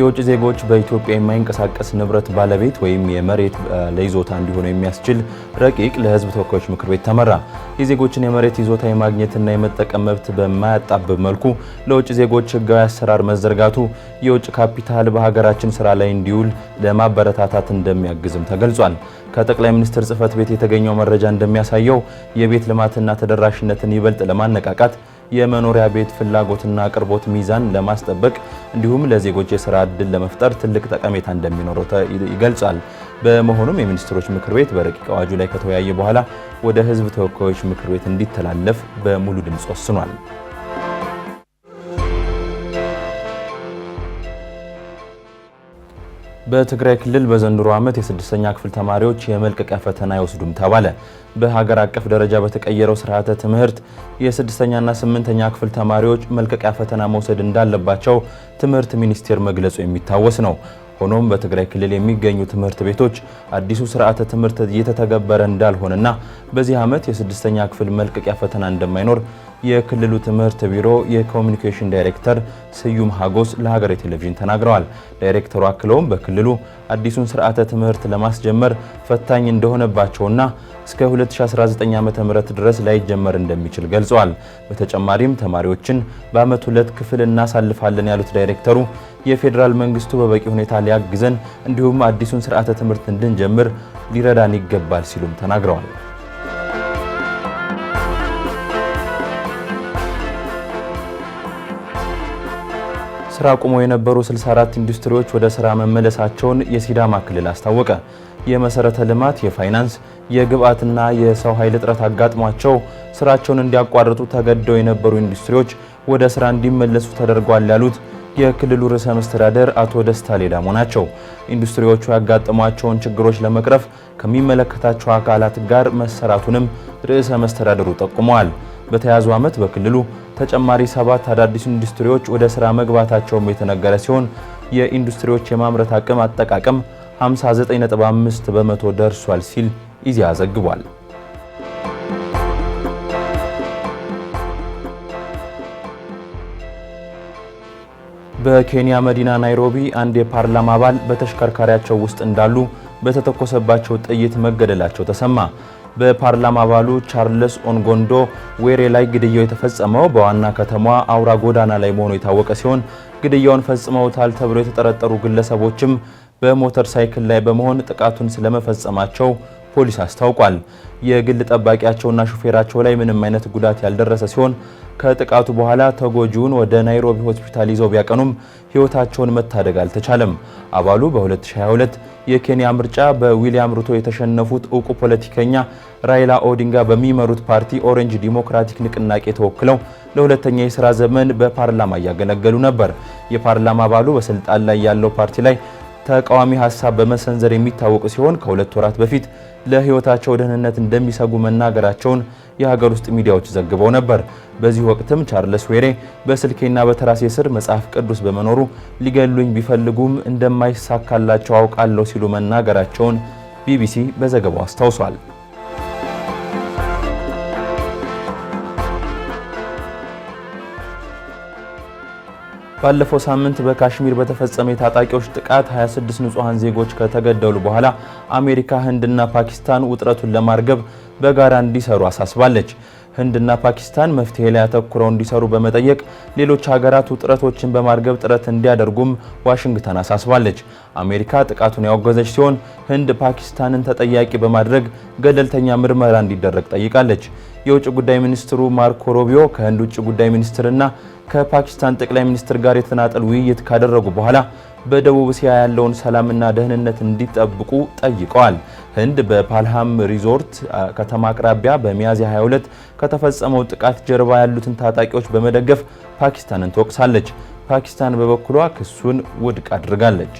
የውጭ ዜጎች በኢትዮጵያ የማይንቀሳቀስ ንብረት ባለቤት ወይም የመሬት ለይዞታ እንዲሆኑ የሚያስችል ረቂቅ ለሕዝብ ተወካዮች ምክር ቤት ተመራ። የዜጎችን የመሬት ይዞታ የማግኘትና የመጠቀም መብት በማያጣብብ መልኩ ለውጭ ዜጎች ሕጋዊ አሰራር መዘርጋቱ የውጭ ካፒታል በሀገራችን ስራ ላይ እንዲውል ለማበረታታት እንደሚያግዝም ተገልጿል። ከጠቅላይ ሚኒስትር ጽህፈት ቤት የተገኘው መረጃ እንደሚያሳየው የቤት ልማትና ተደራሽነትን ይበልጥ ለማነቃቃት የመኖሪያ ቤት ፍላጎትና አቅርቦት ሚዛን ለማስጠበቅ እንዲሁም ለዜጎች የስራ ዕድል ለመፍጠር ትልቅ ጠቀሜታ እንደሚኖረው ይገልጻል። በመሆኑም የሚኒስትሮች ምክር ቤት በረቂቅ አዋጁ ላይ ከተወያየ በኋላ ወደ ሕዝብ ተወካዮች ምክር ቤት እንዲተላለፍ በሙሉ ድምፅ ወስኗል። በትግራይ ክልል በዘንድሮ ዓመት የስድስተኛ ክፍል ተማሪዎች የመልቀቂያ ፈተና አይወስዱም ተባለ። በሀገር አቀፍ ደረጃ በተቀየረው ስርዓተ ትምህርት የስድስተኛና ስምንተኛ ክፍል ተማሪዎች መልቀቂያ ፈተና መውሰድ እንዳለባቸው ትምህርት ሚኒስቴር መግለጹ የሚታወስ ነው። ሆኖም በትግራይ ክልል የሚገኙ ትምህርት ቤቶች አዲሱ ስርዓተ ትምህርት እየተተገበረ እንዳልሆነና በዚህ ዓመት የስድስተኛ ክፍል መልቀቂያ ፈተና እንደማይኖር የክልሉ ትምህርት ቢሮ የኮሚኒኬሽን ዳይሬክተር ስዩም ሀጎስ ለሀገሬ ቴሌቪዥን ተናግረዋል። ዳይሬክተሩ አክለውም በክልሉ አዲሱን ስርዓተ ትምህርት ለማስጀመር ፈታኝ እንደሆነባቸውና እስከ 2019 ም ድረስ ላይጀመር እንደሚችል ገልጸዋል። በተጨማሪም ተማሪዎችን በዓመት ሁለት ክፍል እናሳልፋለን ያሉት ዳይሬክተሩ የፌዴራል መንግስቱ በበቂ ሁኔታ ሊያግዘን እንዲሁም አዲሱን ስርዓተ ትምህርት እንድንጀምር ሊረዳን ይገባል ሲሉም ተናግረዋል። ስራ አቁመው የነበሩ 64 ኢንዱስትሪዎች ወደ ስራ መመለሳቸውን የሲዳማ ክልል አስታወቀ። የመሰረተ ልማት፣ የፋይናንስ፣ የግብአትና የሰው ኃይል እጥረት አጋጥሟቸው ስራቸውን እንዲያቋርጡ ተገደው የነበሩ ኢንዱስትሪዎች ወደ ስራ እንዲመለሱ ተደርጓል ያሉት የክልሉ ርዕሰ መስተዳደር አቶ ደስታ ሌዳሞ ናቸው። ኢንዱስትሪዎቹ ያጋጠሟቸውን ችግሮች ለመቅረፍ ከሚመለከታቸው አካላት ጋር መሰራቱንም ርዕሰ መስተዳደሩ ጠቁመዋል። በተያዙ ዓመት በክልሉ ተጨማሪ ሰባት አዳዲስ ኢንዱስትሪዎች ወደ ሥራ መግባታቸውም የተነገረ ሲሆን የኢንዱስትሪዎች የማምረት አቅም አጠቃቀም 59.5 በመቶ ደርሷል ሲል ኢዜአ ዘግቧል። በኬንያ መዲና ናይሮቢ አንድ የፓርላማ አባል በተሽከርካሪያቸው ውስጥ እንዳሉ በተተኮሰባቸው ጥይት መገደላቸው ተሰማ። በፓርላማ አባሉ ቻርልስ ኦንጎንዶ ዌሬ ላይ ግድያው የተፈጸመው በዋና ከተማዋ አውራ ጎዳና ላይ መሆኑ የታወቀ ሲሆን ግድያውን ፈጽመውታል ተብሎ የተጠረጠሩ ግለሰቦችም በሞተር ሳይክል ላይ በመሆን ጥቃቱን ስለመፈጸማቸው ፖሊስ አስታውቋል። የግል ጠባቂያቸውና ሹፌራቸው ላይ ምንም አይነት ጉዳት ያልደረሰ ሲሆን ከጥቃቱ በኋላ ተጎጂውን ወደ ናይሮቢ ሆስፒታል ይዘው ቢያቀኑም ሕይወታቸውን መታደግ አልተቻለም። አባሉ በ2022 የኬንያ ምርጫ በዊሊያም ሩቶ የተሸነፉት እውቁ ፖለቲከኛ ራይላ ኦዲንጋ በሚመሩት ፓርቲ ኦሬንጅ ዲሞክራቲክ ንቅናቄ ተወክለው ለሁለተኛ የሥራ ዘመን በፓርላማ እያገለገሉ ነበር። የፓርላማ አባሉ በስልጣን ላይ ያለው ፓርቲ ላይ ተቃዋሚ ሀሳብ በመሰንዘር የሚታወቁ ሲሆን ከሁለት ወራት በፊት ለህይወታቸው ደህንነት እንደሚሰጉ መናገራቸውን የሀገር ውስጥ ሚዲያዎች ዘግበው ነበር። በዚህ ወቅትም ቻርለስ ዌሬ በስልኬና በተራሴ ስር መጽሐፍ ቅዱስ በመኖሩ ሊገሉኝ ቢፈልጉም እንደማይሳካላቸው አውቃለሁ ሲሉ መናገራቸውን ቢቢሲ በዘገባው አስታውሷል። ባለፈው ሳምንት በካሽሚር በተፈጸመ የታጣቂዎች ጥቃት 26 ንጹሐን ዜጎች ከተገደሉ በኋላ አሜሪካ፣ ህንድና ፓኪስታን ውጥረቱን ለማርገብ በጋራ እንዲሰሩ አሳስባለች። ህንድና ፓኪስታን መፍትሄ ላይ አተኩረው እንዲሰሩ በመጠየቅ ሌሎች ሀገራት ውጥረቶችን በማርገብ ጥረት እንዲያደርጉም ዋሽንግተን አሳስባለች። አሜሪካ ጥቃቱን ያወገዘች ሲሆን ህንድ ፓኪስታንን ተጠያቂ በማድረግ ገለልተኛ ምርመራ እንዲደረግ ጠይቃለች። የውጭ ጉዳይ ሚኒስትሩ ማርኮ ሮቢዮ ከህንድ ውጭ ጉዳይ ሚኒስትርና ከፓኪስታን ጠቅላይ ሚኒስትር ጋር የተናጠል ውይይት ካደረጉ በኋላ በደቡብ እስያ ያለውን ሰላምና ደህንነት እንዲጠብቁ ጠይቀዋል። ህንድ በፓልሃም ሪዞርት ከተማ አቅራቢያ በሚያዝያ 22 ከተፈጸመው ጥቃት ጀርባ ያሉትን ታጣቂዎች በመደገፍ ፓኪስታንን ትወቅሳለች። ፓኪስታን በበኩሏ ክሱን ውድቅ አድርጋለች።